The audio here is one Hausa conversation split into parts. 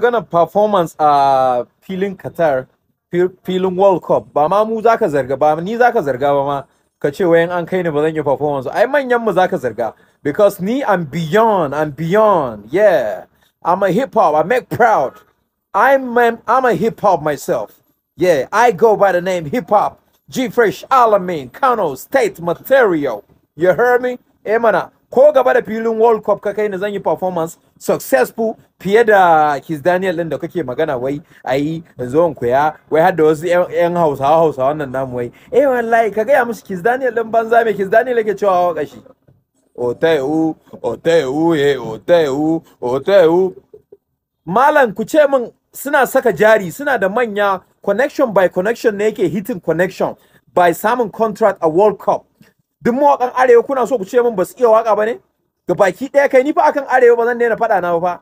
gonna performance a filin qatar filin world cup ba ma mu zaka zarga ba ni zaka zarga ba ma ka ce wayan an kai yi performance ai manyan mu zaka zarga because ni I'm beyond I'm beyond yeah I'm a hip hop I make proud I'm a, I'm a hip hop myself yeah I go by the name hip hop G Fresh Alamin Kano State Material you heard me Emana ko gaba da filin World Cup ka kai ni zan yi performance successful fiye da Kis Daniel din da kake magana wai ayi zo in koya wai har da wasu yan Hausawa Hausawa wannan namu wai eh wallahi ka ga musu Kis Daniel din banza me Kis Daniel yake cewa o shi Oteu Oteu ye Oteu Oteu Malam ku ce min suna saka jari suna da manya connection by connection ne yake hitting connection by samun contract a World Cup duk mawakan arewa kuna so ku ce min ba su iya waka ba ne ga baki ɗaya kai ni fa akan arewa ba zan daina faɗa na fa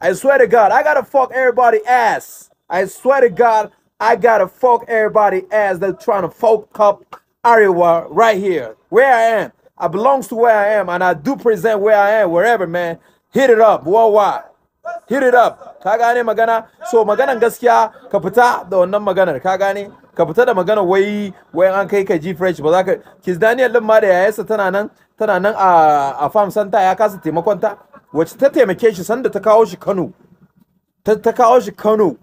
I swear to God I gotta fuck everybody ass I swear to God I gotta fuck everybody ass They're trying to fuck up arewa right here where I am I belongs to where I am and I do present where I am wherever man hit it up worldwide hit it up ka gane magana so maganan gaskiya ka fita da wannan maganar ka gane ka fita da magana wai wai an kai ka ji fresh ba za ka kis daniel din ma da yayarsa tana nan tana nan a a farm center ya kasa taimakon ta wacce ta taimake shi sanda ta kawo shi kano ta ta kawo shi kano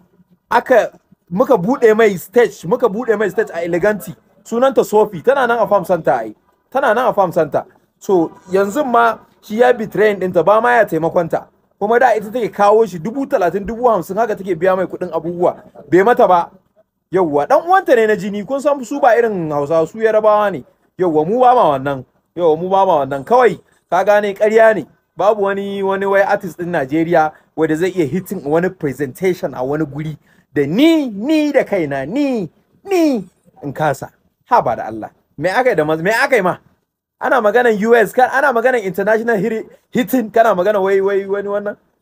aka muka bude mai stage muka bude mai stage a eleganti sunanta sofi tana nan a farm santa ai tana nan a farm center so yanzu ma shi ya din ta ba ma ya taimakon ta kuma da ita take kawo shi dubu talatin dubu hamsin haka take biya mai kuɗin abubuwa bai mata ba wa dan uwanta ne na jini kun san su ba irin hausa su yarabawa ne yawwa mu ba ma wannan yawwa mu ba ma wannan kawai ka gane ƙarya ne babu wani wani wai artist din Najeriya wanda zai iya hitting wani presentation a wani guri da ni ni da kaina ni ni in kasa ha ba da Allah me aka yi da me aka yi ma ana maganan US kan ana maganan international hitting kana magana wai wai wani wannan